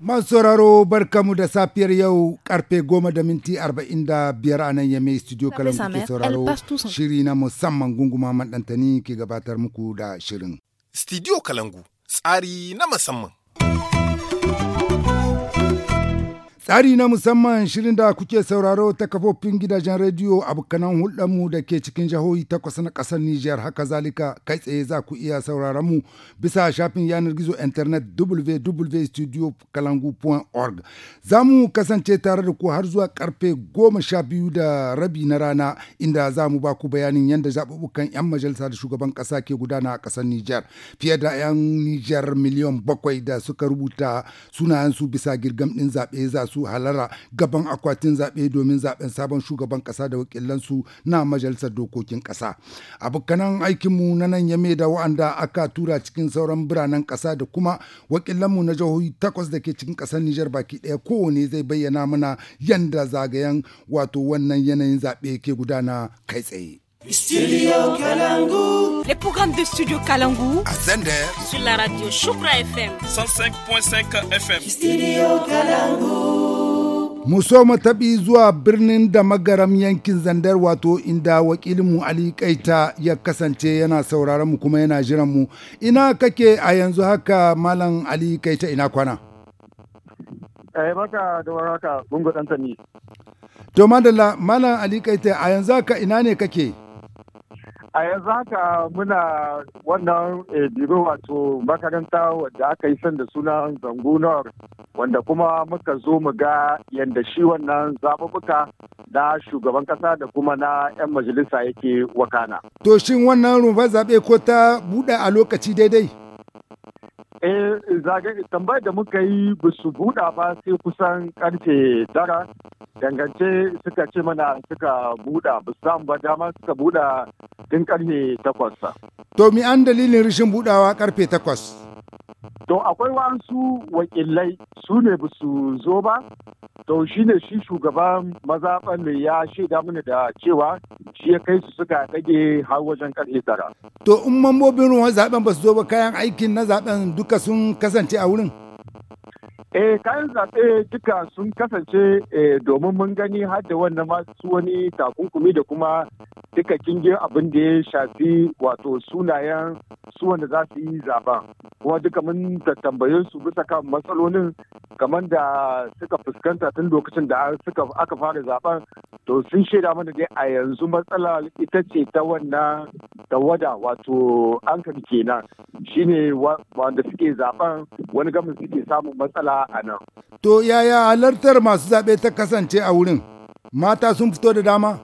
Man sauraro barkamu da safiyar yau karfe goma da minti arba'in da biyar a nan yame studio kalan kuke sauraro shiri na musamman gunguma maɗantani ke gabatar muku da shirin. Studio Kalangu tsari na musamman. Tsari na musamman shirin da kuke sauraro ta kafofin gidajen rediyo abokanan hulɗarmu da ke cikin jihohi takwas na ƙasar Nijar haka zalika kai tsaye za ku iya sauraron mu bisa shafin yanar gizo internet www.studiokalangu.org. Za mu kasance tare da ku har zuwa karfe goma sha biyu da rabi na rana inda za mu ba ku bayanin yadda zaɓuɓɓukan 'yan majalisa da shugaban ƙasa ke gudana a ƙasar Nijar fiye da 'yan Nijar miliyan bakwai da suka rubuta sunayensu bisa girgam ɗin zaɓe za su su halara gaban akwatin zaɓe domin zaɓen sabon shugaban ƙasa da wakilansu na majalisar dokokin ƙasa. Abokanan aikinmu na nan yame da wa'anda aka tura cikin sauran biranen ƙasa da kuma wakilanmu na jihohi takwas da ke cikin ƙasar Nijar baki ɗaya kowane zai bayyana mana yanda zagayen wato wannan yanayin zaɓe ke gudana kai tsaye. Studio Kalangu. Les programmes de Studio Kalangu. À Zender. Sur la radio Choukra FM. 105.5 FM. Studio Kalangu. Muso mataɓi zuwa birnin da magaram yankin zandar wato inda wakilinmu Ali Kaita ya kasance yana sauraron mu kuma yana jiran mu. Ina kake a yanzu haka Malam Ali Kaita ina kwana? Eh baka da waraka bungo dan tani. To madalla Malam Ali Kaita a yanzu haka ina ne kake? a yanzu haka muna wannan eh, biro wato makaranta wadda aka yi sanda sunan zangunar wanda kuma muka zo mu ga yadda shi wannan zaɓuɓɓuka na shugaban ƙasa da kuma na 'yan majalisa yake wakana. To shin wannan rumfar zaɓe ko ta buɗe a lokaci daidai? Eh, tambayar da muka yi ba su buɗa ba sai kusan karfe tara dangance suka ce mana suka buɗa ba su samu ba dama suka buɗa tun karfe takwas. To mi an dalilin rashin buɗawa karfe takwas? To akwai wasu wakilai su ne ba su zo ba, to shi ne shi shugaban mazaɓan da ya shaida mana da cewa shi ya kai su suka ɗage har wajen karfe tara. To in mambobin ruwan zaɓen ba su zo ba kayan aikin na zaɓen duk duka sun kasance a wurin? Eh kayan zaɓe duka sun kasance eh, domin mun gani har da wannan masu wani takunkumi da kuma duka kingin abin da ya shafi wato sunayen su wanda za su yi zaben kuma duka mun tattambaye su bisa kan matsalolin kamar da suka fuskanta tun lokacin da suka aka fara zaben to sun shaida mana dai a yanzu matsala ita ce ta wannan tawada wato kan kenan shine wanda suke zaben wani gamin suke samun matsala a nan to yaya halartar masu zaɓe ta kasance a wurin mata sun fito da dama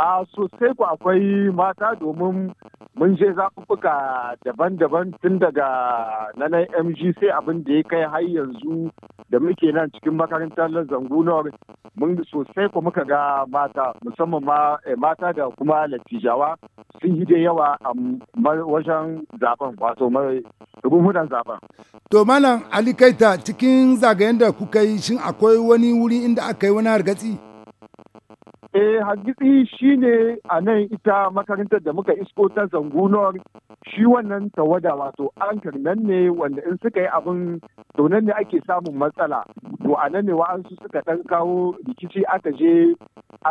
a sosai ku akwai mata domin mun je zaɓuɓɓuka daban-daban tun daga nanan mg sai abin da ya kai har yanzu da muke nan cikin makarantar zangunar mun sosai ku muka ga mata musamman eh, mata da kuma latijawa sun yi da yawa a wajen zaben wato rumunan zaben. to malam ali cikin zagayen da kuka yi shin akwai wani wuri inda aka yi wani hargatsi? Eh hargitsi shine a nan ita makarantar da muka isko ta zangunor shi wannan tawada wato ankar nan ne wanda in suka yi abin to nan ne ake samun matsala to a nan ne wa'ansu suka dan kawo rikici aka je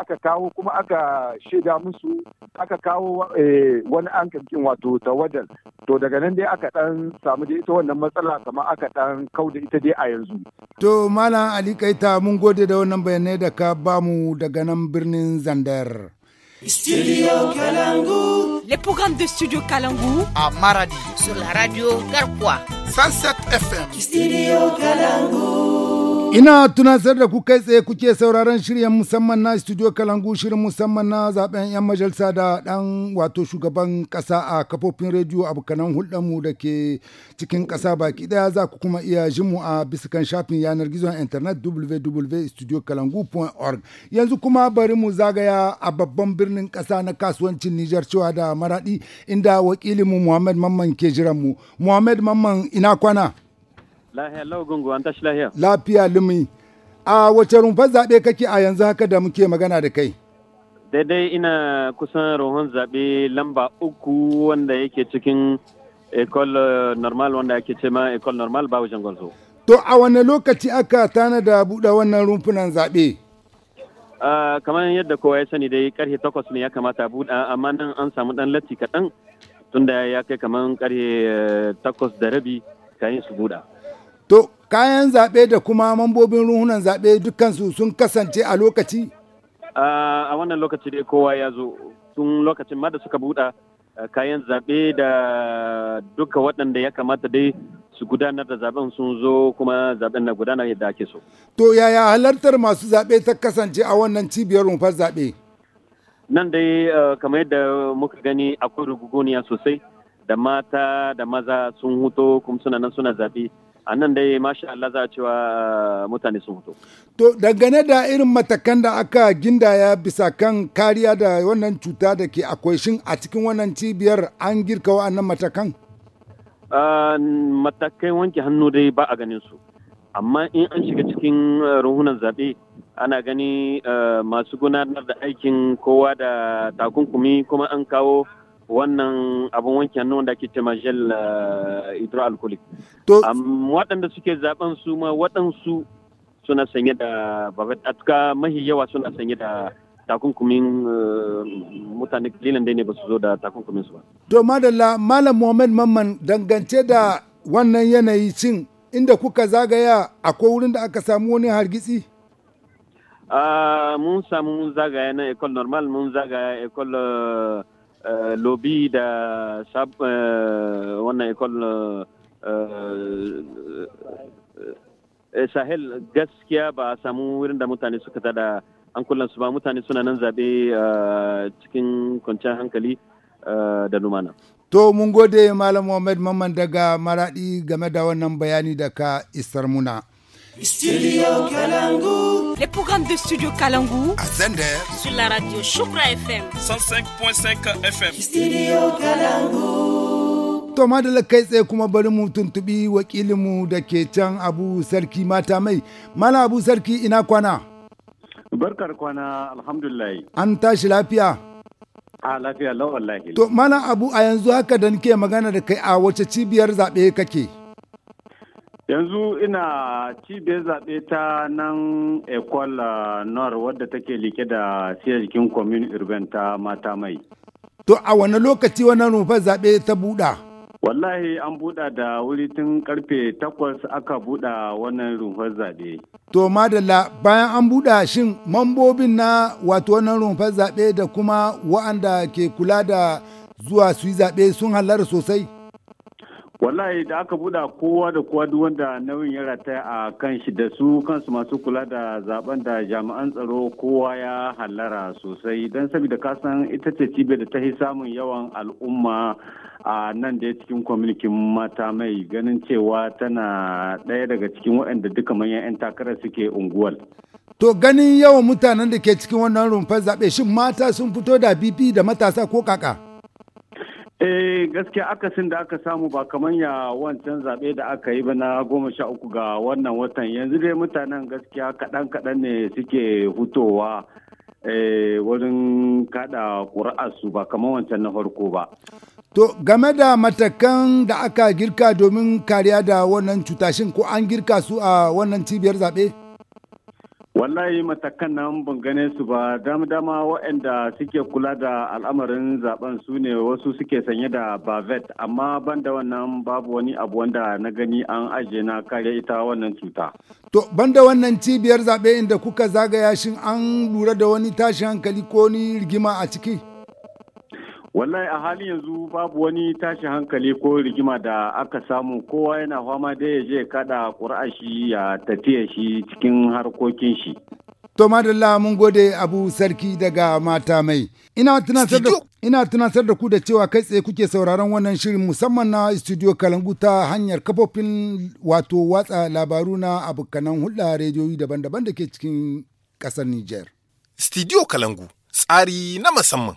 aka kawo kuma aka shaida musu aka kawo eh, wani an kin wato tawadar to daga nan dai aka dan samu da ita wannan matsala kamar aka dan kauda ita dai a yanzu to malam ali kaita mun gode da wannan bayanai da ka bamu daga nan birnin zandar Studio Kalangu. Les programmes de Studio Kalangu à Maradi sur la radio Garquois 107 FM. Studio Kalangu. Ina tunasar da ku kai tsaye kuke sauraron shiryen musamman na studio Kalangu shirin musamman na zaben 'yan majalisa da ɗan wato shugaban ƙasa a kafofin rediyo abokanan hulɗarmu da ke cikin kasa baki ɗaya za ku kuma iya jin mu a bisikan shafin yanar gizon internet www.studiokalangu.org yanzu kuma bari mu zagaya a babban birnin kasa na kasuwancin Nijar cewa da Maraɗi inda wakilinmu Muhammad Mamman ke jiran mu. Muhammad Mamman ina kwana. Lahiya lau an tashi lahiya. Lafiya lumi. A wace rumfar zaɓe kake a yanzu haka da muke magana da kai? Daidai ina kusan rohon zaɓe lamba uku wanda yake cikin Ecole Normal wanda ake ce ma Ecole Normal ba wajen gwanzo. To a wane lokaci aka tana da buɗe wannan rumfunan zaɓe? kamar yadda kowa ya sani dai karfe takwas ne ya kamata buɗa amma nan an samu ɗan latti kaɗan tunda ya kai kamar karfe eh, takwas da rabi kayan su buɗa. To kayan zaɓe da kuma mambobin ruhunan zaɓe dukansu sun kasance a lokaci? A wannan lokaci dai kowa ya zo sun lokacin ma da suka buɗa eh, kayan zaɓe da duka waɗanda ya kamata dai su gudanar da zaben sun zo kuma zaben na gudanar yadda ake so. To yaya halartar masu zaɓe ta kasance a wannan cibiyar rumfar zaɓe? Nan dai eh, kamar yadda muka gani akwai rugugoniya sosai da mata da maza sun huto kuma suna nan suna zaɓe. a nan dai masha Allah za a cewa eh, mutane sun fito. To dangane da irin matakan da aka gindaya bisa kan kariya da wannan cuta da ke akwai shin a cikin wannan cibiyar an girka wa'annan matakan? Eh, matakai wanke hannu dai ba a ganin su. Amma in an shiga cikin eh, ruhunan zaɓe ana gani masu gudanar da aikin kowa da takunkumi kuma an kawo wannan abin wanke hannu wanda ake cema gel eh, hydroalcoholic waɗanda suke zaben su ma waɗansu suna sanye da babet atka mahi yawa suna sanye da takunkumin eh, mutane kalilan dai ne ba su zo da takunkumin su ba to madalla malam muhammad mamman dangance da wannan yanayi cin inda kuka zagaya akwai wurin da aka samu wani hargitsi ah, mun samu mun zagaya na ecole normal mun zagaya ecole Eh, lobi da eh, wannan ikon eh, sahel gaskiya ba a samu wurin da mutane suka tada an kullansu ba mutane suna nan zaɓe cikin kwanciyar hankali da lumana. To mun gode Malam Muhammad Mamman daga Maraɗi game da wannan bayani daga isar muna. Studio Kalangu. Les programmes de Studio Kalangu. À Zender. Sur la radio Choukra FM. 105.5 FM. Studio Kalangu. To madalla kai tsaye kuma bari mu tuntubi wakilinmu da ke can Abu Sarki mata mai. Mala Abu Sarki ina kwana. Barkar kwana alhamdulillah. An tashi lafiya. A ah, lafiya lawan lahi. To mala Abu a yanzu haka da nake magana da kai a wace cibiyar zaɓe kake? yanzu ina cibiyar zaɓe ta nan Ecole uh, nor wadda take like da siya jikin komin urban ta mata mai to a wani lokaci wannan rumfar zaɓe ta buɗa wallahi an buɗa da wuri tun karfe takwas aka buɗa wannan rumfar zaɓe to madalla bayan an buɗa shin mambobin na wato wannan rumfar zaɓe da kuma wa'anda ke kula da zuwa su yi zaɓe sun halar sosai wallahi da aka buɗa kowa da kowa duk wanda nauyin ya rataya a kan shi da su kansu masu kula da zaben da jami'an tsaro kowa ya hallara sosai don saboda kasan ita ce cibiyar da ta yi samun yawan al'umma a nan da ya cikin kwamitin mata mai ganin cewa tana ɗaya daga cikin waɗanda duka manyan 'yan takarar suke unguwal. To ganin yawan mutanen da ke cikin wannan rumfar zaɓe shin mata sun fito da bibi da matasa ko kaka? Eh gaskiya akasin da aka samu ba kamar ya wancan zaɓe da aka yi ba na goma sha uku ga wannan watan yanzu dai mutanen gaskiya kaɗan kaɗan ne suke hutowa eh, wajen kada ƙuri'arsu ba kamar wancan na farko ba. To game da matakan da aka girka domin kariya da wannan cuta ko an girka su a wannan cibiyar zaɓe? wallahi matakan nan ban gane su ba dama dama waɗanda suke kula da al'amarin zaben su ne wasu suke sanye da bavet amma ban da wannan babu wani abu wanda na gani an ajiye na kare ita wannan cuta to ban da wannan cibiyar zaɓe inda kuka zagaya shin an lura da wani tashin hankali ko ni rigima a ciki Wallahi a halin yanzu babu wani tashi hankali ko rigima da aka samu kowa yana fama da ya je kada ƙura'a shi ya tafiya shi cikin harkokin shi. To madalla mun gode Abu Sarki daga Mata Mai. Ina tunasar da ku da cewa kai tsaye kuke sauraron wannan shirin musamman na studio Kalangu ta hanyar kafofin wato watsa labaru na abokanan hulɗa rediyoyi daban-daban da ke cikin ƙasar Nijar. Studio Kalangu tsari na musamman.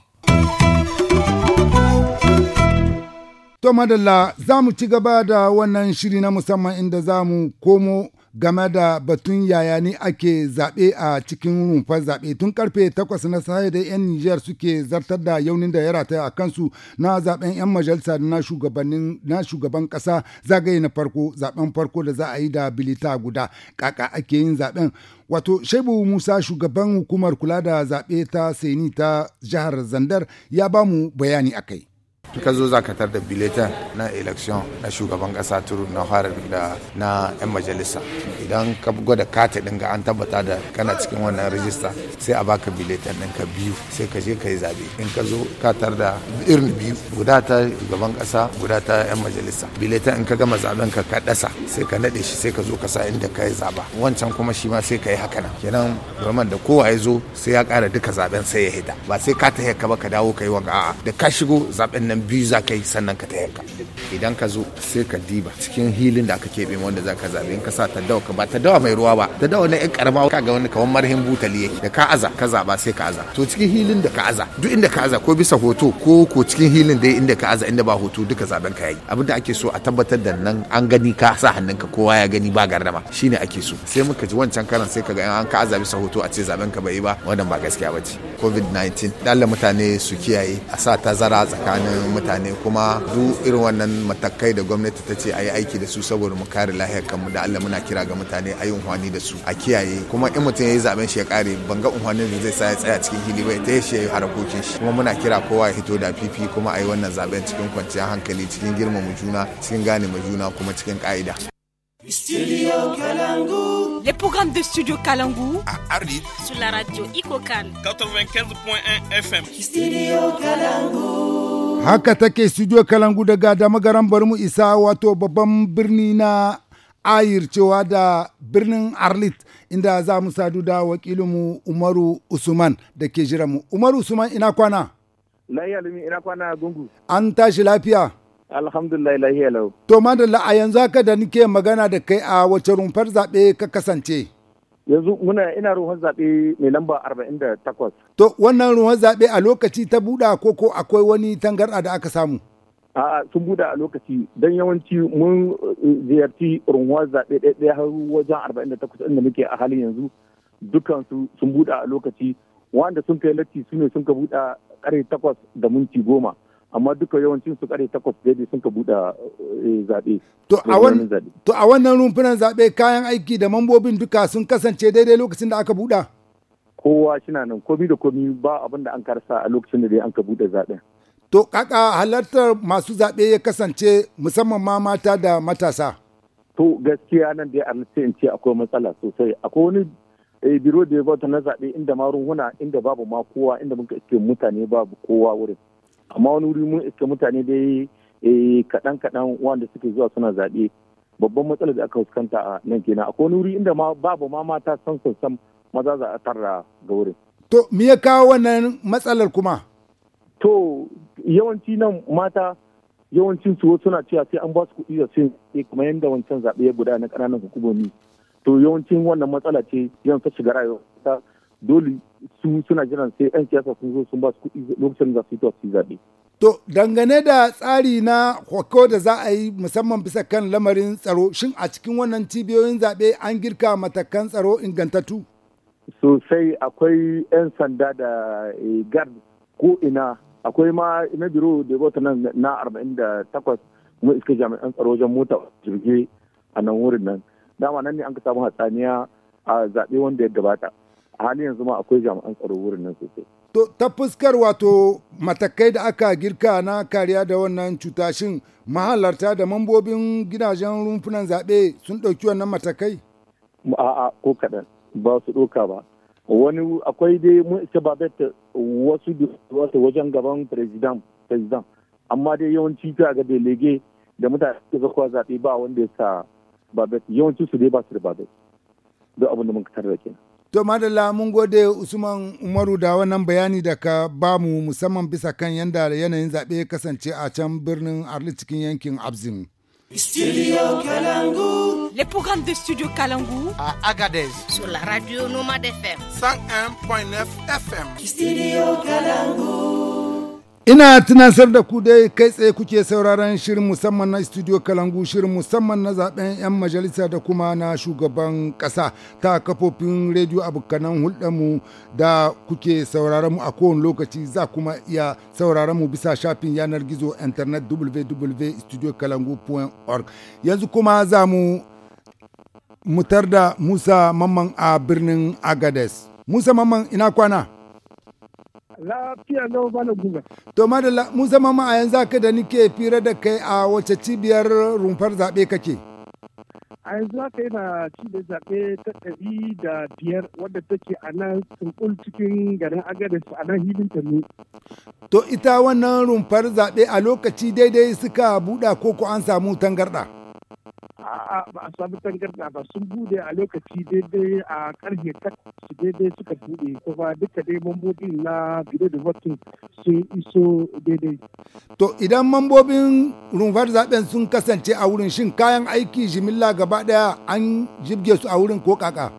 To madalla za mu ci gaba da wannan shiri na musamman inda za mu komo game da batun yaya ne ake zaɓe a cikin rumfar zaɓe tun karfe takwas na safe da 'yan Nijar suke zartar da yaunin da ya rataya a kansu na zaɓen 'yan majalisa na na shugaban ƙasa zagaye na farko zaɓen farko da za a yi da bilita guda ƙaƙa ake yin zaɓen wato shaibu Musa shugaban hukumar kula da zaɓe ta Seni ta jihar Zandar ya ba mu bayani akai. in ka zo za ka tar da biletan na election na shugaban kasa turu na harar da na 'yan majalisa idan ka gwada kati din ga an tabbata da kana cikin wannan rajista sai a baka biletan din ka biyu sai ka je ka yi zabe in ka zo ka tar da irin biyu guda ta shugaban kasa guda ta 'yan majalisa biletan in ka gama zaben ka ka dasa sai ka nade shi sai ka zo ka sa inda ka yi zaba wancan kuma shi ma sai ka yi haka nan kenan domin da kowa ya zo sai ya kara duka zaben sai ya hita ba sai ka ta ka ba ka dawo ka yi wanka a'a da ka shigo zaben nan biyu za ka yi sannan ka ta yanka idan ka zo sai ka diba cikin hilin da aka keɓe wanda za ka zaɓe in ka sa taddawa ka ba taddawa mai ruwa ba taddawa na yan karama ka ga wani kawan marhin butali yake da ka aza ka zaɓa sai ka aza to cikin hilin da ka aza duk inda ka aza ko bisa hoto ko ko cikin hilin dai inda ka aza inda ba hoto duka zaben ka yayi abin da ake so a tabbatar da nan an gani ka sa hannunka kowa ya gani ba gardama ne ake so sai muka ji wancan karan sai ka ga an ka aza bisa hoto a ce zaben ka bai ba wannan ba gaskiya bace covid-19 mutane su kiyaye a sa tazara tsakanin mutane kuma duk irin wannan matakai da gwamnati ta ce a yi aiki da su saboda mu kare lahiyar kanmu da Allah muna kira ga mutane a yi unhwani da su a kiyaye kuma in mutum ya yi zaben shi ya kare ban ga unhwanin da zai sa ya tsaya cikin hili ba ta shi ya yi harakokin shi kuma muna kira kowa ya hito da fifi kuma a yi wannan zaben cikin kwanciyar hankali cikin girmama juna cikin gane ma juna kuma cikin ka'ida. Studio Kalangu. Les programmes de Studio Kalangu à Arlit sur la radio Ikokan 95.1 FM. Studio Kalangu. Haka take studio Kalangu daga damagaran bari mu isa wato babban birni na ayir cewa da birnin Arlit inda za mu sadu da wakilinmu Umaru Usman da ke mu. Umaru Usman ina kwana? Lahiya lumi ina kwana gungu. An tashi lafiya? Alhamdulillah lahiya lau. To madalla a yanzu haka da nike magana da kai a wace rumfar zaɓe ka kasance? yanzu muna ina ruwan zaɓe mai lamba 48. To wannan ruwan zaɓe a lokaci ta buɗa ko ko akwai wani tangarɗa da aka samu? A'a sun buɗa a lokaci don yawanci mun eh, ziyarci ruwan zaɓe ɗaya har wajen 48 inda muke a halin yanzu dukansu sun buɗa a lokaci wanda sun kai latti su ne sun ka buɗa ƙarfe takwas da minti goma. amma duka yawancin su kare takwas daidai sun ka buɗe eh, zaɓe. To a wannan rumfunan zaɓe kayan aiki da mambobin duka sun kasance daidai lokacin da aka buɗa? Kowa shina nan komi da komi ba abin da an karsa a lokacin da an ka buɗe zaɓen. To kaka halartar masu zaɓe ya kasance musamman ma mata da matasa. To gaskiya nan da ya ce in ce akwai matsala sosai akwai wani eh, biro da ya bauta na zaɓe inda ma runhuna inda babu ma kowa inda muka iske mutane babu kowa wurin. amma wani wuri mun iska mutane dai eh, kaɗan kaɗan wanda suke zuwa suna zaɓe babban matsalar da aka fuskanta a nan kenan akwai wani wuri inda babu ma mata san san maza za a tarra ga wurin. To me ya kawo wannan matsalar kuma? To yawanci nan mata yawancin su suna cewa sai an ba su kuɗi da sun eh, kuma yadda wancan zaɓe ya gudana na ƙananan hukumomi. To yawancin wannan matsala ce yan ta shiga rayuwa dole su suna jiran sai 'yan siyasa sun zo sun ba su kuɗi lokacin da su tafi zaɓe. To dangane da tsari na hoko da za a yi musamman bisa kan lamarin tsaro shin a cikin wannan cibiyoyin zaɓe an girka matakan tsaro ingantattu? Sosai akwai 'yan sanda da eh, gard ko ina akwai ma na biro da bauta nan na 48 kuma iska jami'an tsaro wajen mota jirgi a nan wurin nan dama nan ne an ka samu hatsaniya a zaɓe wanda ya gabata. a halin yanzu ma akwai jami'an tsaro wurin nan sosai To ta fuskar wato matakai da aka girka na kariya da wannan cuta shin mahalarta da mambobin gidajen rumfunan zaɓe sun ɗauki wannan matakai? A'a ko kaɗan ba su ɗauka ba. Wani akwai dai mun isa ba wasu wasu wajen gaban president president amma dai yawanci ta ga lege da mutane suka kuwa zaɓe ba wanda ya sa babet yawanci su dai ba su da babet. Duk abin da mun fitar da kenan. To madalla mun gode Usman Umaru da wannan bayani da ka bamu musamman bisa kan yanda yanayin zaɓe ya kasance a can birnin Arli cikin yankin Abzin. Studio Kalangu. Les programmes de Studio Kalangu a Agadez sur la radio Nomad FM 101.9 FM. Studio Kalangu. Ina tunasar da ku dai kai tsaye kuke sauraron shirin musamman na Studio Kalangu shirin musamman na zaben 'yan majalisa da kuma na shugaban kasa ta kafofin rediyo abokanan hulɗarmu da kuke sauraron mu a kowane lokaci za kuma iya sauraron mu bisa shafin yanar gizo internet www.studiokalangu.org yanzu kuma za mu mutar da Musa Mamman a birnin Agades. Musa Mamman ina kwana? Lafiya lau bala guga. To madalla mun zama ma a yanzu haka da nike fira da kai a wace cibiyar rumfar zaɓe kake? A yanzu haka yana cibiyar zaɓe ta ɗari da biyar wadda take a nan tsunkul cikin garin Agadez a nan hidin ne. To ita wannan rumfar zaɓe a lokaci daidai suka buɗa ko ko an samu tangarɗa? a'a ba a samu tangarda ba sun bude a lokaci daidai a karfe takwas daidai suka bude kuma duka dai mambobin na gida da wato sun iso daidai. To idan mambobin rumfar zaben sun kasance a wurin shin kayan aiki jimilla gaba daya an jibge su a wurin ko kaka?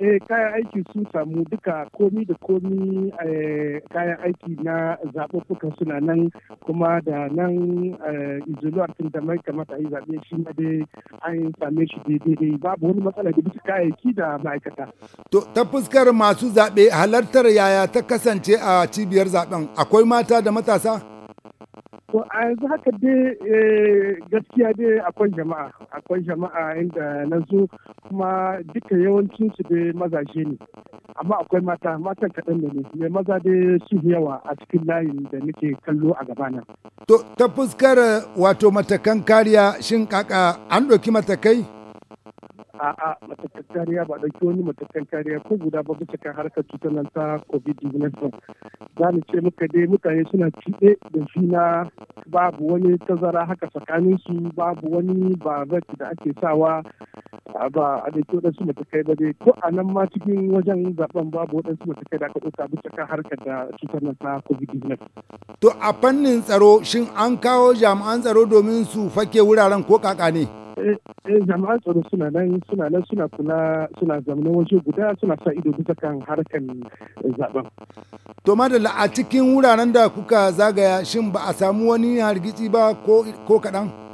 eh kayan aiki sun samu duka komi da komi eh, kayan aiki na zaɓuɓɓukan suna nan kuma da nan eh, izoluwar tun da mai kamata yi zaɓe shi ma dai an same shi daidai babu wani matsala da bisa kayayyaki da ma'aikata. To ta fuskar masu zaɓe halartar yaya ta kasance a cibiyar zaɓen akwai mata da matasa? To a yanzu haka dai eh, gaskiya dai akwai jama'a, akwai jama'a inda na zo kuma duka yawancin su dai mazaje ne. Amma akwai mata, matan kaɗan ne ne, maza dai su yawa a cikin layin da nake kallo a gabana. To ta fuskar wato matakan kariya shin kaka an ɗauki matakai? a'a matakan kariya ba ɗauki wani matakan kariya ko guda ba bisa kan harkar cutar nan ta covid-19 za mu ce muka dai mutane suna cuɗe da fina babu wani tazara haka tsakanin su babu wani ba bavet da ake sawa ba a ke waɗansu matakai ba dai ko a nan ma cikin wajen zaben babu waɗansu matakai da aka ɗauka bisa kan harkar da cutar nan ta covid-19. to a fannin tsaro shin an kawo jami'an tsaro domin su fake wuraren ko kaka ne? Eh, eh, jama'an tsaro suna nan suna nan suna kula suna zamanin waje guda suna sa ido bisa kan harkan eh, zaben. To madalla a cikin wuraren da kuka zagaya shin ba a samu wani hargitsi ba ko kaɗan?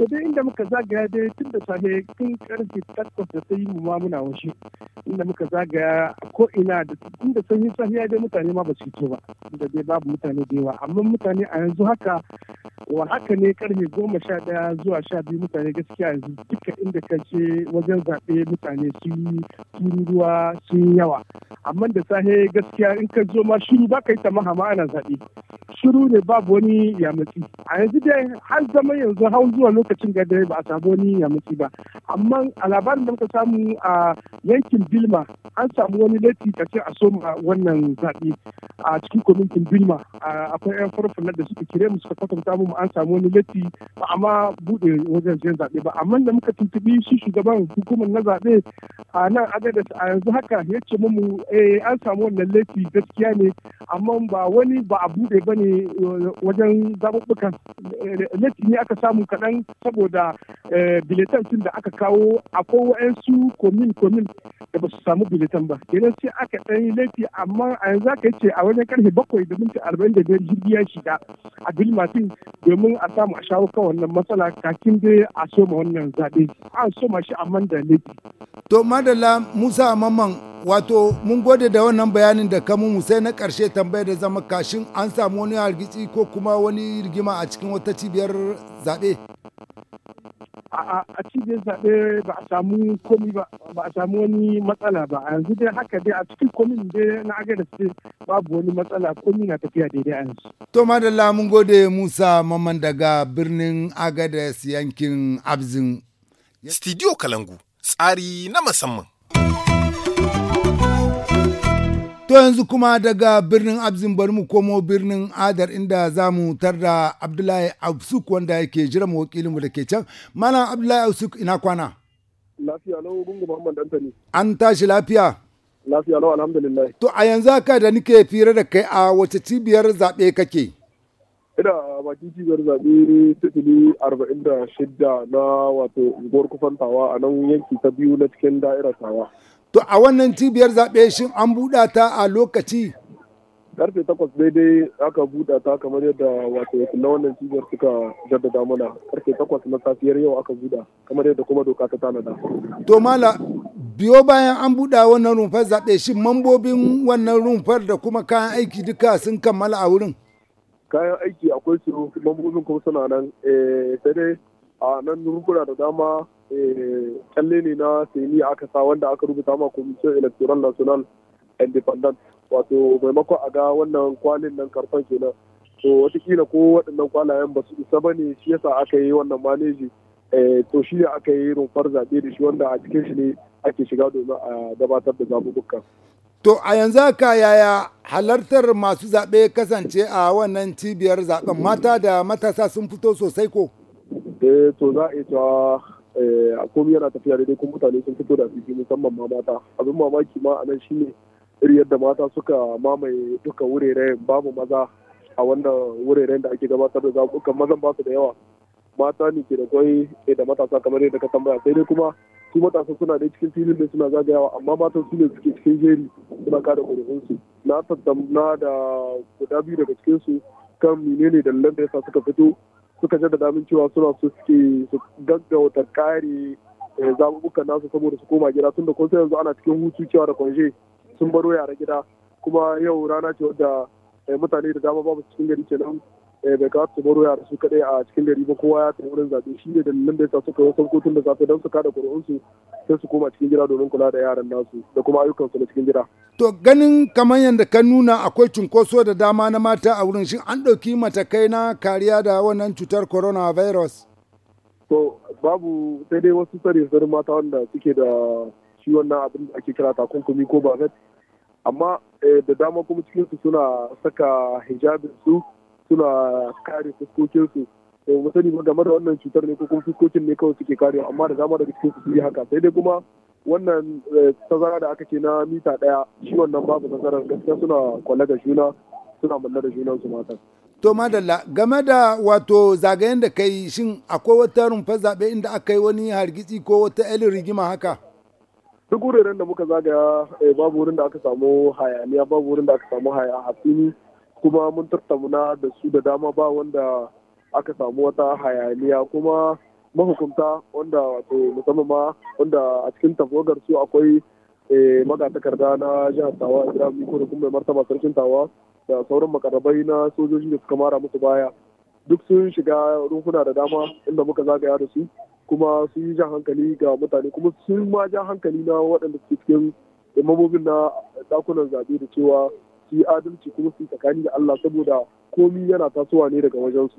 to dai inda muka zagaya dai tun da safe tun karfe takwas da sai mu ma muna wuce inda muka zagaya ko ina da tun da sanyi safiya dai mutane ma ba su fito ba da dai babu mutane da yawa amma mutane a yanzu haka wa haka ne karfe goma sha daya zuwa sha biyu mutane gaskiya yanzu duka inda ka ce wajen zaɓe mutane sun yi tururuwa sun yawa amma da safe gaskiya in ka zo ma shiru ba ka yi tamaha ma ana zaɓe shiru ne babu wani yamatsi a yanzu dai har zama yanzu hau zuwa lokacin lokacin da ba a samu wani yamaci ba amma a labarin da muka samu a yankin bilma an samu wani laifi ce a soma wannan zaɓe a cikin kwamitin bilma akwai yan na da suka kire mu suka kwatanta mu an samu wani laifi ba amma buɗe wajen siyan zaɓe ba amma da muka tuntuɓi shi shugaban hukumar na zaɓe a nan agadas a yanzu haka ya ce mu eh, an samu wannan laifi gaskiya ne amma ba wani ba a buɗe ba ne wajen zaɓuɓɓukan eh, laifi ne aka samu kaɗan saboda eh, biletan tun da aka kawo akwai su komin komin da ba su samu biletan ba kenan sai aka ɗan yi laifi amma a yanzu aka ce a wajen karfe bakwai da minti arba'in da biyar jirgi ya shiga a bilmatin domin a samu a shawo kan wannan matsala kakin dai a soma wannan zaɓe a soma shi amma da laifi. to madalla musa mamman wato mun gode da wannan bayanin da kamu sai na karshe tambayar da zama kashin an samu wani hargitsi ko kuma wani rigima a cikin wata cibiyar zaɓe. a a cibiyar zaɓe ba a samu komi ba ba a samu wani matsala ba a yanzu dai haka dai a cikin komin dai na agada su babu wani matsala komi na tafiya daidai a yanzu. to da mun gode musa mamman daga birnin agadas yankin abzin. studio kalangu tsari na musamman. To yanzu kuma daga birnin Abzin bari mu komo birnin Adar inda za mu da Abdullahi Absuk wanda yake jiran wakilinmu da ke can. Malam Abdullahi Absuk ina kwana. Lafiya lau gungu Muhammad Antani. An tashi lafiya. Lafiya lau alhamdulillah. To a yanzu haka da nike fira da kai a wace cibiyar zaɓe kake? Ina bakin cibiyar zaɓe sifili arba'in da shidda na wato unguwar kufantawa a nan yanki ta biyu na cikin da'ira tawa. To a wannan cibiyar zaɓe shin an buɗa ta a lokaci? Karfe takwas daidai aka buɗa ta kamar yadda wato na wannan cibiyar suka jaddada mana karfe takwas na safiyar yau aka buɗa kamar yadda kuma doka ta tanada. To mala biyo bayan an buɗa wannan rumfar zaɓe shin mambobin wannan rumfar da kuma kayan aiki duka sun kammala a wurin? Kayan aiki akwai su mambobin kuma suna nan eh, sai dai a nan rumfuna da dama Eh, kyalle ne na seni aka sa wanda aka rubuta ma commission electoral national independent wato maimakon a ga wannan kwalin nan karfan kenan to watakila ko waɗannan kwalayen ba su isa ba ne shi yasa aka yi wannan maneji eh, to shi ne aka yi rumfar zaɓe da shi wanda a cikin shi ne ake shiga domin a gabatar da zabubuka To a yanzu haka yaya halartar masu zaɓe kasance a wannan cibiyar zaɓen mata da matasa sun fito sosai ko? Eh to za a iya Eh, a komi yana tafiya daidai kuma mutane sun fito da fifi musamman ma mata abin mamaki ma a nan shine iri yadda mata suka mamaye duka wuraren babu maza a wannan wuraren da ake gabatar da zaɓuɓɓukan mazan ba da yawa mata ne ke da kwai da matasa kamar yadda ka tambaya sai dai kuma su matasa suna da cikin filin da suna zagayawa amma matan su ne suke cikin jeri suna kada kuri'unsu na tattamna da guda biyu daga cikinsu kan menene dalilan da yasa suka fito suka da damin cewa suna so suke su gaggauta kare eh, zaɓuɓɓukan nasu saboda su koma gida tunda da kun yanzu ana cikin hutu cewa da kwanje sun baro yara gida kuma yau rana ce wadda eh, mutane da dama babu cikin gari kenan Eh, bai kamata su baro yara su kadai a cikin gari ba kowa ya tafi wurin zaɓe shi ne dalilan da ya sa suka yi kotun da zaɓe don su kada ƙuri'unsu sai su koma cikin gida domin kula da yaran nasu da kuma ayyukansu na cikin gida. To ganin kamar yadda ka nuna akwai cunkoso da dama na mata a wurin shin an ɗauki matakai na kariya da wannan cutar coronavirus? To babu sai dai wasu sare sanin mata wanda suke da shi wannan abin da ake kira takunkumi ko ba amma eh, da dama kuma cikinsu suna saka hijabin su suna kare fuskokinsu to eh, mu sani ba game da wannan cutar ne ko kuma fuskokin ne kawai suke karewa amma da zama daga cikin su yi haka sai dai kuma wannan eh, tazara da aka ce na mita daya shi wannan babu tazara gaskiya suna kwale da juna suna malla da junan su mata To madalla game da wato zagayen da kai shin akwai wata rumfar zabe inda aka yi wani hargitsi ko wata ilin rigima haka? Duk wuraren da muka zagaya eh, babu wurin da aka samu hayaniya babu wurin da aka samu hayaniya kuma mun tattauna da su da dama ba wanda aka samu wata hayaniya kuma mahukunta wanda wato musamman ma wanda a cikin tafogar su akwai eh, magatakarda na jihar tawa ibrahim ko da kuma martaba sarkin tawa da sauran makarabai na sojoji da suka mara musu baya duk sun shiga rukuna da dama inda muka zagaya da su kuma sun yi jan hankali ga mutane kuma sun ma jan hankali na waɗanda suke cikin eh, mabobin na dakunan zaɓe da cewa su yi adalci kuma su yi tsakani da Allah saboda komi yana tasowa ne daga wajensu.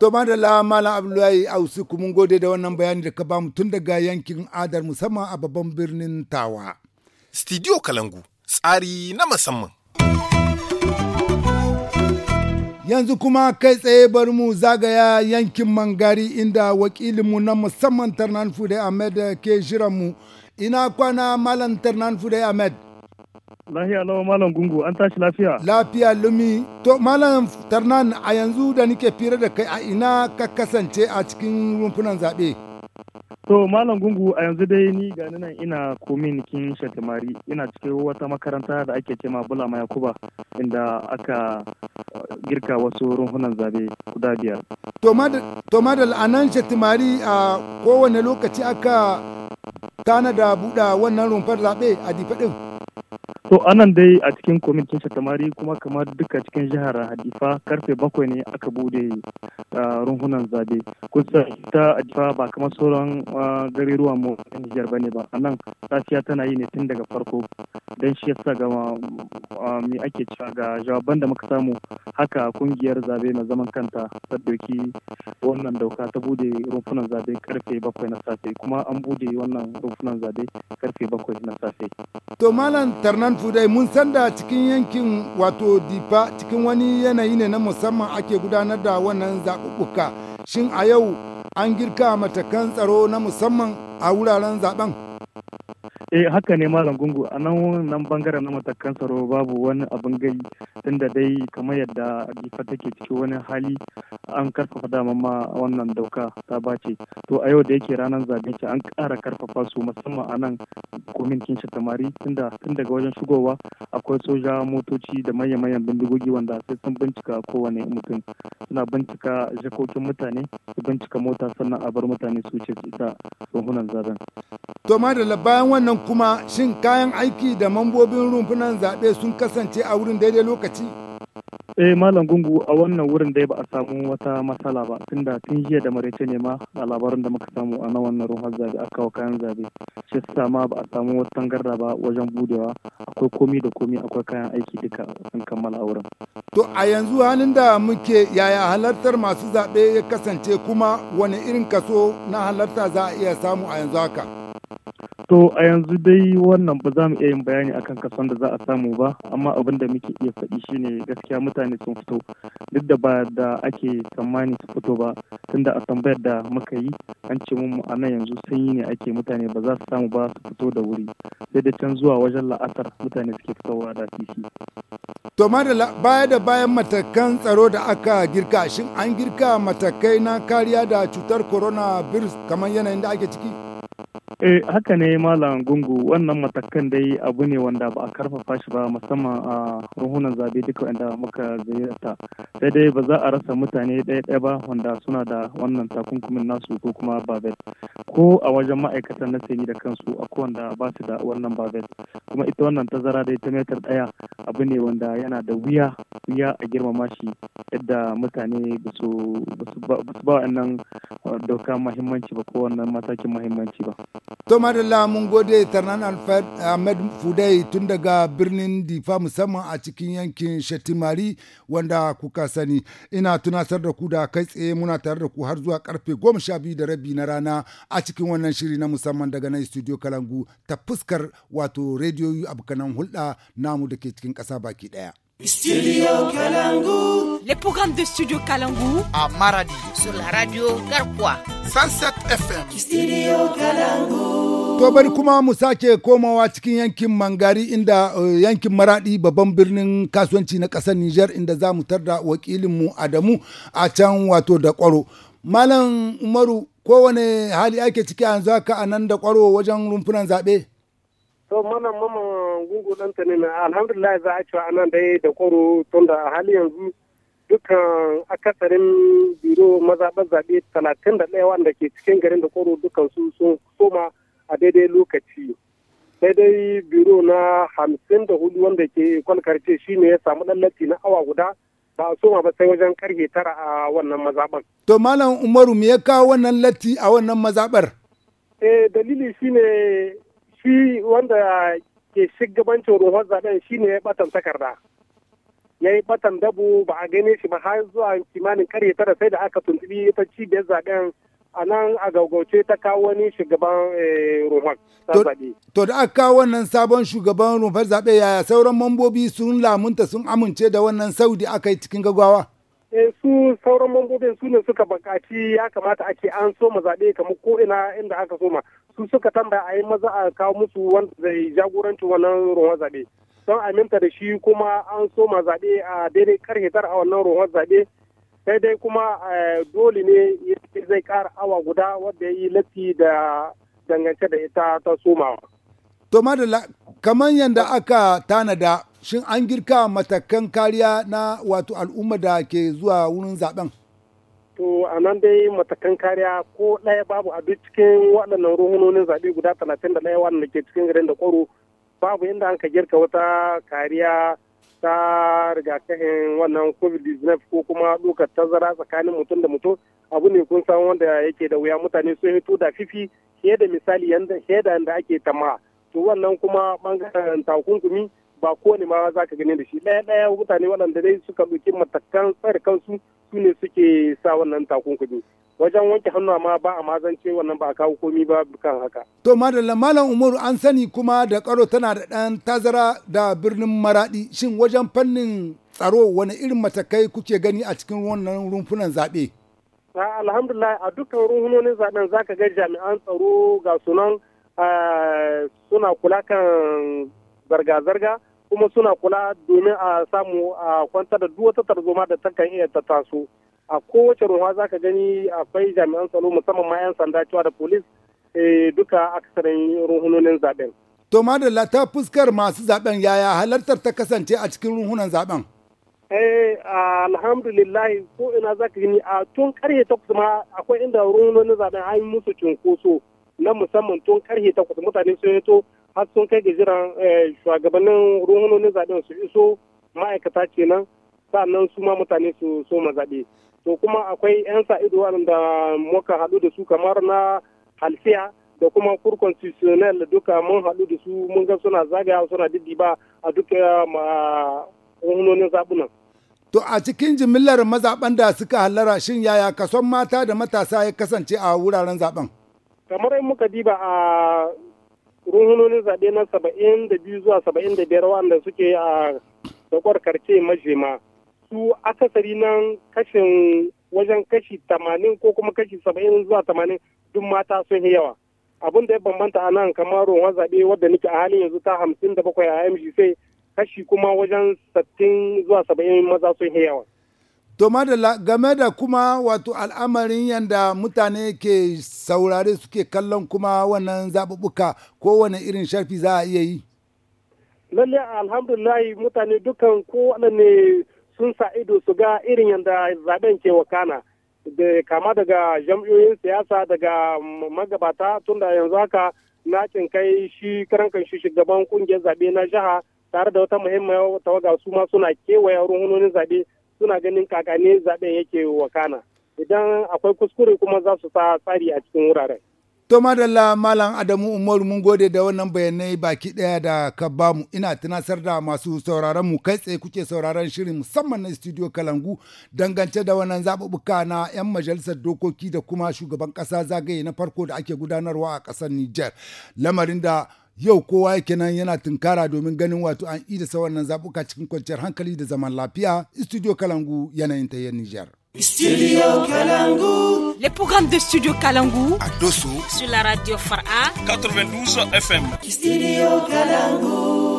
To madalla Malam Abdullahi Ausu kuma gode da wannan bayani da ka mu tun daga yankin Adar musamman a babban birnin Tawa. Studio Kalangu tsari na musamman. Yanzu kuma kai tsaye bari mu zagaya yankin Mangari inda wakilinmu na musamman Tarnan Fude Ahmed ke mu Ina kwana Malam Tarnan Fude Ahmed. Lafiya lawa Malam Gungu an tashi lafiya. Lafiya lumi. To Malam Tarnan a yanzu da nike fira da kai a ina ka kasance a cikin rumfunan zaɓe. To Malam Gungu a yanzu dai ni ga nan ina kin Shatimari ina cikin wata makaranta da ake bula Bulama Yakuba inda aka uh, girka wasu rumfunan zaɓe guda biyar. To madal a nan Shatimari a kowane lokaci aka tana da buɗa wannan rumfar zaɓe a difaɗin. To anan dai a cikin kwamitin shatamari kuma kamar duka cikin jihar Hadifa karfe bakwai ne aka bude runhunan zabe. Kusa ta Hadifa ba kamar sauran ruwan mu Nijar ba ne ba. Anan safiya tana yi ne tun daga farko. Don shi yasa ga mai ake cewa ga jawaban da muka samu haka kungiyar zabe na zaman kanta ta doki wannan dauka ta bude runfunan zabe karfe bakwai na safe kuma an bude wannan runfunan zabe karfe bakwai na safe. To malam tarna Sudan dai mun san da cikin yankin wato Difa cikin wani yanayi ne na musamman ake gudanar da wannan zaɓuɓɓuka. Shin a yau an girka matakan tsaro na musamman a wuraren zaɓen? eh haka ne malam gungu a nan nan bangaren na matakan tsaro babu wani abin gai tunda dai kamar yadda difa take cikin wani hali an karfafa dama ma wannan dauka ta bace to a yau da yake ranar zabe ce an kara karfafa su musamman a nan kominkin tamari tunda tun daga wajen shigowa akwai soja motoci da manya-manyan bindigogi wanda sai sun bincika kowane mutum suna bincika jakokin mutane su bincika mota sannan a bar mutane su ce ita runhunan zaben. to madalla bayan wannan kuma shin kayan aiki da mambobin rumfunan zaɓe sun kasance a wurin daidai lokaci? eh malam gungu a wannan wurin dai ba a samu wata matsala ba tunda tun jiya da maraice ne ma a labarin da muka samu a na wannan ruwan zabe a kawo kayan zabe shi sa ma ba a samu wata tangarda ba wajen budewa akwai komi da komi akwai kayan aiki duka sun kammala a wurin to a yanzu halin da muke yaya halartar masu zaɓe ya kasance kuma wani irin kaso na halarta za a iya samu a yanzu haka To a yanzu dai wannan ba za mu iya yin bayani akan kasan da za a samu ba, amma abin da muke iya faɗi shine gaskiya mutane sun fito duk da ba da ake tsammani su fito ba tunda a tambayar da muka yi an ce mun a nan yanzu sanyi ne ake mutane ba za su samu ba su fito da wuri sai da can zuwa wajen la'asar mutane suke fitowa da fifi. To madala baya da bayan matakan tsaro da aka girka shin an girka matakai na kariya da cutar corona virus kamar yanayin da ake ciki? Eh, haka ne Malam Gungu wannan matakan dai abu ne wanda ba a karfafa shi ba musamman a ruhunan zabe duka wanda muka ziyarta. Sai dai ba za a rasa mutane ɗaya ɗaya ba wanda suna da wannan takunkumin nasu ko kuma babet. Ko a wajen ma'aikatan na sani da kansu a wanda ba su da wannan babet. Kuma ita wannan tazara dai ta metar ɗaya abu ne wanda yana da wuya wuya a girmama shi yadda mutane ba su ba wa eh, doka mahimmanci ba ko wannan matakin mahimmanci ba. To madalla mun gode Tarnan Ahmed Fudai tun daga birnin Difa musamman a cikin yankin Shatimari wanda kuka sani. Ina tunatar da ku da kai tsaye muna tare da ku har zuwa karfe goma sha biyu da rabi na rana a cikin wannan shiri na musamman daga nan studio Kalangu ta fuskar wato rediyoyi abokanan hulɗa namu da ke cikin ƙasa baki ɗaya. Studio Kalangu. Les programmes de Studio Kalangu à Maradi sur la radio Garpoa 107 FM. Studio Kalangu. To bari kuma mu sake komawa cikin yankin Mangari inda eh, yankin Maradi babban birnin kasuwanci na ƙasar Nijar inda za mu tarda wakilinmu Adamu a can wato da kwaro. Malam Umaru kowane hali ake ciki yanzu haka a nan da kwaro wajen rumfunan zaɓe? to malam mama gungu dan ta ne alhamdulillah za a cewa anan dai da koro tunda a hali yanzu dukkan akasarin biro mazaɓar zaɓe talatin da ɗaya wanda ke cikin garin da koro dukkan su sun soma a daidai lokaci daidai biro na hamsin da hudu wanda ke kwalkarce shi ne ya samu ɗallaci na awa guda ba a soma ba sai wajen karge tara a wannan mazaɓar. to malam umaru me ya kawo wannan latti a wannan mazaɓar. eh dalili shine shi wanda ke shugabancin rohon zaben shi ne batan takarda ya yi batan dabu ba a gani shi ba har zuwa kimanin karye tara sai da aka tuntubi ita cibiyar zaben a nan a gaugauce ta kawo wani shugaban eh, rohon To da aka kawo wannan sabon shugaban rohon zaɓe yaya sauran mambobi sun lamunta sun amince da wannan saudi aka yi cikin gaggawa? Eh, su sauran mambobin su ne suka bukaci ya kamata ake an soma zaɓe kamar ko ina inda aka soma su suka tambaya a yi maza a kawo musu wanda zai jagoranci wannan ruwan zaɓe don aminta da shi kuma an soma zaɓe a daidai karhe tara a wannan ruwan zaɓe sai dai kuma eh, dole ne zai ƙara awa guda wadda ya yi latti da dangance da ita ta somawa. To madalla kamar yadda aka tanada shin an girka matakan kariya na wato al'umma da ke zuwa wurin zaben? to a nan dai matakan kariya ko ɗaya babu a duk cikin waɗannan ruhunonin zaɓe guda talatin da ɗaya waɗanda ke cikin garin da ƙoro babu inda an ka girka wata kariya ta rigakafin wannan covid-19 ko kuma ɗaukar tazara tsakanin mutum da mutum abu ne kun san wanda yake da wuya mutane sun hito da fifi fiye da misali yadda da ake tama to wannan kuma ɓangaren takunkumi ba kowane ma za ka gani da shi ɗaya ɗaya mutane waɗanda dai suka ɗauki matakan tsare kansu su ne suke sa wannan takunkumi wajen wanke hannu ma ba a mazance wannan ba a kawo komi ba kan haka. To madalla malam Umaru an sani kuma da karo tana da ɗan tazara da birnin Maraɗi shin wajen fannin tsaro wani irin matakai kuke gani a cikin wannan rumfunan zaɓe? Alhamdulillah a dukkan rumfunonin zaɓen za ka ga jami'an tsaro ga sunan suna kula kan zarga-zarga kuma suna kula domin a samu a kwantar da duk wata tarzoma da takan iya ta taso a kowace ruwa za ka gani akwai jami'an tsaro musamman ma 'yan sanda cewa da polis eh, duka aksarin ruhunonin zaben. To madalla ta fuskar masu zaben yaya halartar ta kasance a cikin ruhunan zaben? Eh alhamdulillah ko ina za ka gani a tun karhe takwas ma akwai inda ruhunonin zaben an yi musu cunkoso na musamman tun karhe takwas mutane sun yi to har sun kai ga jiran eh, shugabannin ruhunonin zaɓen su iso ma'aikata kenan sa'annan su ma mutane su so ma zaɓe to kuma akwai 'yan sa ido da muka haɗu da su kamar na halfiya da kuma kurkon constitutionnel duka mun haɗu da su mun ga suna zagaya suna diddiba a duka ruhunonin zaɓunan. To a cikin jimillar mazaɓen da suka hallara shin yaya kason mata da matasa ya kasance a wuraren zaɓen? Kamar in muka diba a ruhunonin zaɓe na saba'in da biyu zuwa saba'in da biyar wanda suke a dakwar karce majema su akasari nan kashin wajen kashi tamanin ko kuma kashi saba'in zuwa tamanin duk mata sun yi yawa abin da ya bambanta a nan kamar ruwan zaɓe wadda nake a halin yanzu ta hamsin da bakwai a mgc kashi kuma wajen sattin zuwa saba'in maza sun yi yawa To madalla game da kuma wato al'amarin yadda mutane ke saurare suke kallon kuma wannan zaɓuɓɓuka kowane irin sharfi za a iya yi. Lalle alhamdulillahi mutane dukan kowane sun sa ido su ga irin yadda zaben ke wakana. Da kama daga jam'iyoyin siyasa daga magabata tun da yanzu haka na kai shi karankan shi shugaban kungiyar zaɓe na jiha tare da wata muhimmiyar tawaga su ma suna kewaye ruhunonin zaɓe suna ganin kakane zaben yake wakana idan akwai kuskure kuma za su sa tsari a cikin wuraren. To madalla Malam Adamu Umaru mun gode da wannan bayanai baki ɗaya da ka bamu ina tunasar da masu sauraron mu kai tsaye kuke sauraron shirin musamman na studio Kalangu dangance da wannan zaɓuɓɓuka na 'yan majalisar dokoki da kuma shugaban ƙasa zagaye na farko da ake gudanarwa a ƙasar Nijar. Lamarin da yau kowa kenan yana tunkara domin ganin wato an ida sa wannan zabuka cikin kwanciyar hankali da zaman lafiya studio kalangu yanayin tayyar niger Studio Kalangu. Les programmes de Studio Kalangu. a doso Sur la radio Fara. 92 FM. Studio Kalangu.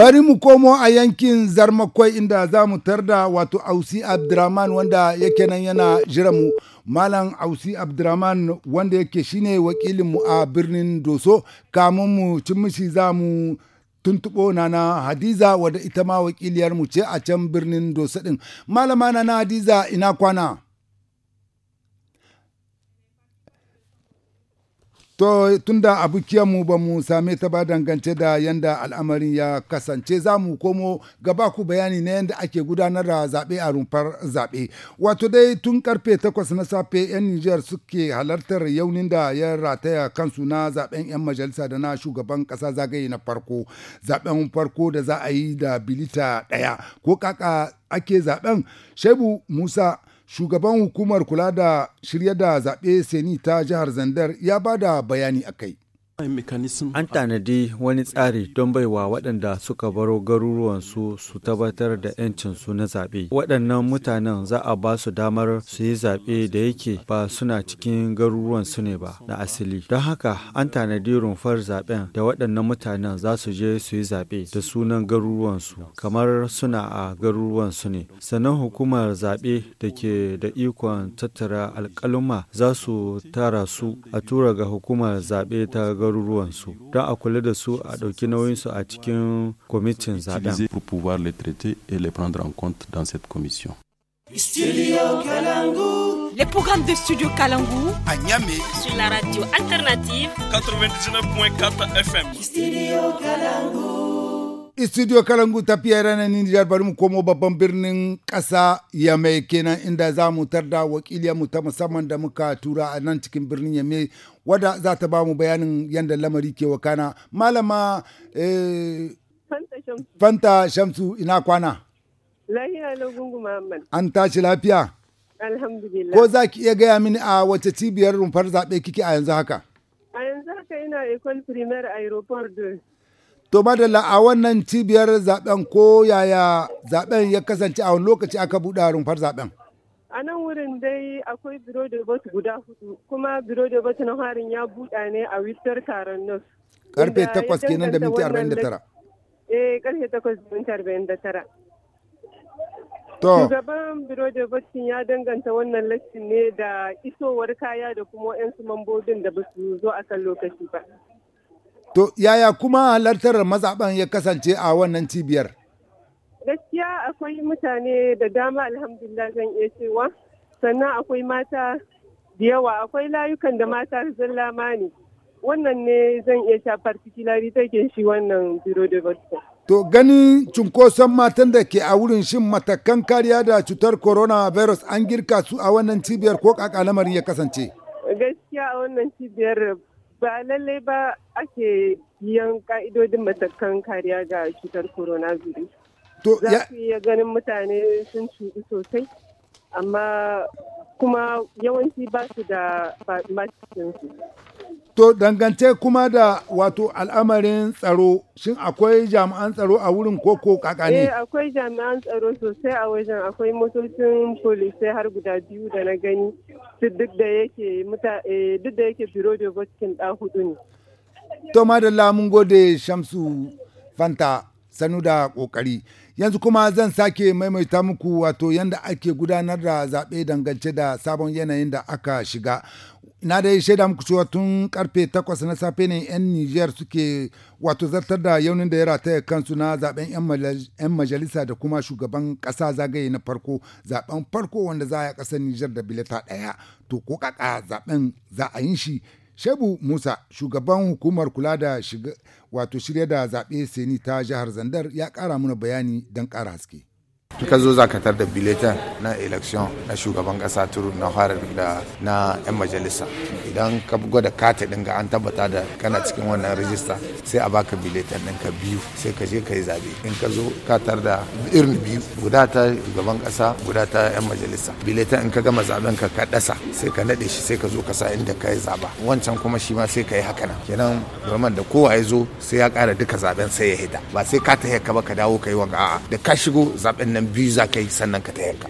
bari mu komo a yankin zarmakwai inda za mu tarda wato ausi abdurrahman wanda yake nan yana jira mu malam ausi abdurrahman wanda yake shine wakilinmu a birnin doso kamun mu cin mishi za mu tuntuɓo nana hadiza wadda ita ma wakiliyarmu ce a can birnin doso ɗin malama na hadiza ina kwana To tunda abukiyarmu ba mu same ta ba dangance da yanda al'amarin ya kasance za mu komo gaba ku bayani na yanda ake gudanar da zaɓe a rumfar zaɓe. Wato dai tun karfe takwas na safe 'yan Nijar suke halartar yaunin da ya rataya kansu na zaɓen 'yan majalisa da na shugaban ƙasa zagaye na farko. Zaɓen farko da za a yi da bilita ɗaya ko kaka ake zaɓen Shebu Musa Shugaban hukumar kula da shirya da zaɓe Seni ta jihar Zandar ya ba da bayani a kai. An tanadi wani tsari don baiwa waɗanda suka baro garuruwansu su tabbatar da 'yancinsu na zaɓe. Waɗannan mutanen za a ba su damar su yi zaɓe da yake ba suna cikin garuruwansu ne ba na asili. Don haka an tanadi rumfar zaɓen da waɗannan mutanen za su je su yi zaɓe da sunan garuruwansu kamar suna a garuruwansu ne. Sannan hukumar zaɓe da ke da ikon tattara alƙaluma za su tara su a tura ga hukumar zaɓe ta garuruwansu. ɗaruruwansu don a kula da su a ɗauki nauyinsu a cikin kwamitin zaɓen. Les programmes de Studio Kalangu à Niamey sur la radio alternative 99.4 FM. Studio Kalangu. Studio Kalangu tafiya ranar Nijar bari mu komo babban birnin ƙasa Yamai kenan inda za mu tarda wakiliya mu ta musamman da muka tura a nan cikin birnin Yamai wadda za ta ba mu bayanin yadda lamari ke wakana. Malama eh, Fanta Shamsu ina kwana. Lahiya na gungu Muhammad. An tashi lafiya? Alhamdulillah. Ko za ki iya gaya mini a wace cibiyar rumfar zaɓe kike a yanzu haka? A yanzu haka ina Ecole Primaire Aeroport To madalla a wannan cibiyar zaɓen ko yaya zaɓen ya kasance a wani lokaci aka buɗe rumfar zaɓen? a nan wurin dai akwai biro da bot guda hudu kuma biro da bot na harin ya buɗa ne a wistar karon nos karfe 8 kenan da minti 49 eh karfe 8 minti 49 Shugaban biro da Baccin ya danganta wannan lashin ne da isowar kaya da kuma 'yan mambobin da ba su zo a kan lokaci ba. To yaya kuma halartar mazaɓen ya kasance a wannan cibiyar? Gaskiya akwai mutane da dama alhamdulillah zan iya cewa sannan akwai mata da yawa akwai layukan da mata zalla ma ne wannan ne zan iya sha particulari take shi wannan biro da To ganin cunkoson matan da ke a wurin shin matakan kariya da cutar coronavirus an girka su a wannan cibiyar ko kaka lamarin ya kasance? Gaskiya a wannan cibiyar ba lallai ba ake biyan ka'idodin matakan kariya ga cutar coronavirus. To za su ganin mutane sun cuɗi sosai amma kuma yawanci ba su da macikinsu. To dangance kuma da wato al'amarin tsaro shin akwai jami'an tsaro a wurin koko kaka Eh akwai jami'an tsaro sosai a wajen akwai motocin polisai har guda biyu da na gani duk da yake eh, duk da yake biro da votin ɗa hudu ne. To madalla mun gode Shamsu Fanta sanu da ƙoƙari. Yanzu kuma zan sake maimaita muku wato yanda ake gudanar da zaɓe dangance da sabon yanayin da aka shiga. Na dai shaida muku cewa tun karfe takwas na safe ne 'yan niger suke wato zartar da yaunin da ya rataya kansu na zaben 'yan majalisa da kuma shugaban ƙasa zagaye na farko zaɓen farko wanda za a ƙasar Nijar da bilata ɗaya. To ko kaka zaben za a yin shi Shebu Musa, shugaban hukumar kula da wato shirya da zaɓe seni ta jihar Zandar ya ƙara mana bayani don ƙara haske. in ka zo tar da biletan na election na shugaban kasa turu na fara da na 'yan majalisa idan ka gwada kata din ga an tabbata da kana cikin wannan rijista sai a baka biletan din ka biyu sai ka je ka yi zabe in ka zo katar da irin biyu guda ta shugaban kasa guda ta 'yan majalisa biletan in ka gama zaben ka ka dasa sai ka nade shi sai ka zo ka sa inda ka yi zaba wancan kuma shi ma sai ka yi haka nan kenan domin da kowa ya zo sai ya kara duka zaben sai ya hita ba sai ka ta ka ba ka dawo ka yi a'a da ka shigo zaben nan Visa ka yi sannan ka tayar ka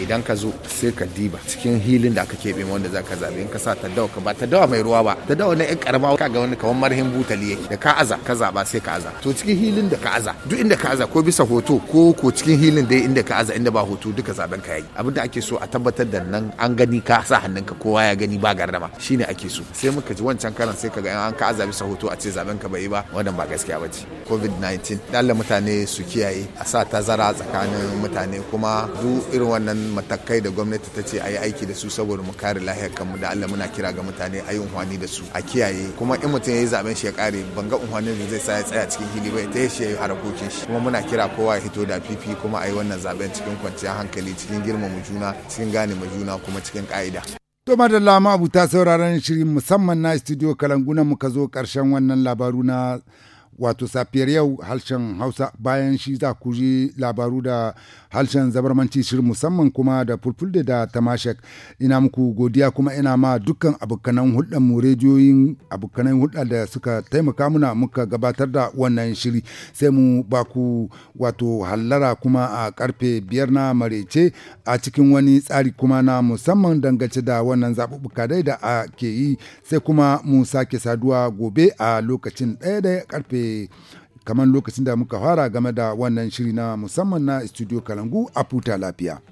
idan ka zo sai ka diba cikin hilin da aka keɓe wanda za ka zaɓe in ka sa dawa ka ba dawa mai ruwa ba Ta dawa na yan karama ka ga wani kamar marhin butali yake da ka aza ka zaɓa sai ka aza to cikin hilin da ka aza duk inda ka aza ko bisa hoto ko ko cikin hilin dai inda ka aza inda ba hoto duka zaben ka yayi abinda ake so a tabbatar da nan an gani ka sa hannunka kowa ya gani ba gardama shine ake so sai muka ji wancan karan sai ka ga an ka aza bisa hoto a ce zaben ka bai ba wannan ba gaskiya ba ce covid-19 dalla mutane su kiyaye a sa tazara tsakanin mutane kuma duk irin wannan matakai da gwamnati ta ce a yi aiki da su saboda mu kare lahiyar kanmu da Allah muna kira ga mutane a yi unhwani da su a kiyaye kuma in mutum ya yi zaben shi ya kare ban ga unhwanin da zai sa ya tsaya cikin hili ba ta shi ya yi harakokin shi kuma muna kira kowa ya hito da fifi kuma a yi wannan zaben cikin kwanciyar hankali cikin girmama juna cikin gane ma juna kuma cikin ka'ida. To madalla ma abuta sauraron shirin musamman na studio kalangunan muka zo karshen wannan labaru na wato safiyar yau harshen hausa bayan shi za ku ji labaru da harshen zabarmanci shirin musamman kuma da fulfulde da tamashek ina muku godiya kuma ina ma dukkan abokanan hulɗar mu rediyoyin abokanan hulɗar da suka taimaka muna muka gabatar da wannan shiri sai mu ba ku wato hallara kuma a karfe biyar na marece a cikin wani tsari kuma na musamman dangace da wannan zaɓuɓɓuka dai da ake yi sai kuma mu sake saduwa gobe a lokacin ɗaya da karfe kamar lokacin da muka fara game da wannan shiri na musamman na studio kalangu a futa lafiya.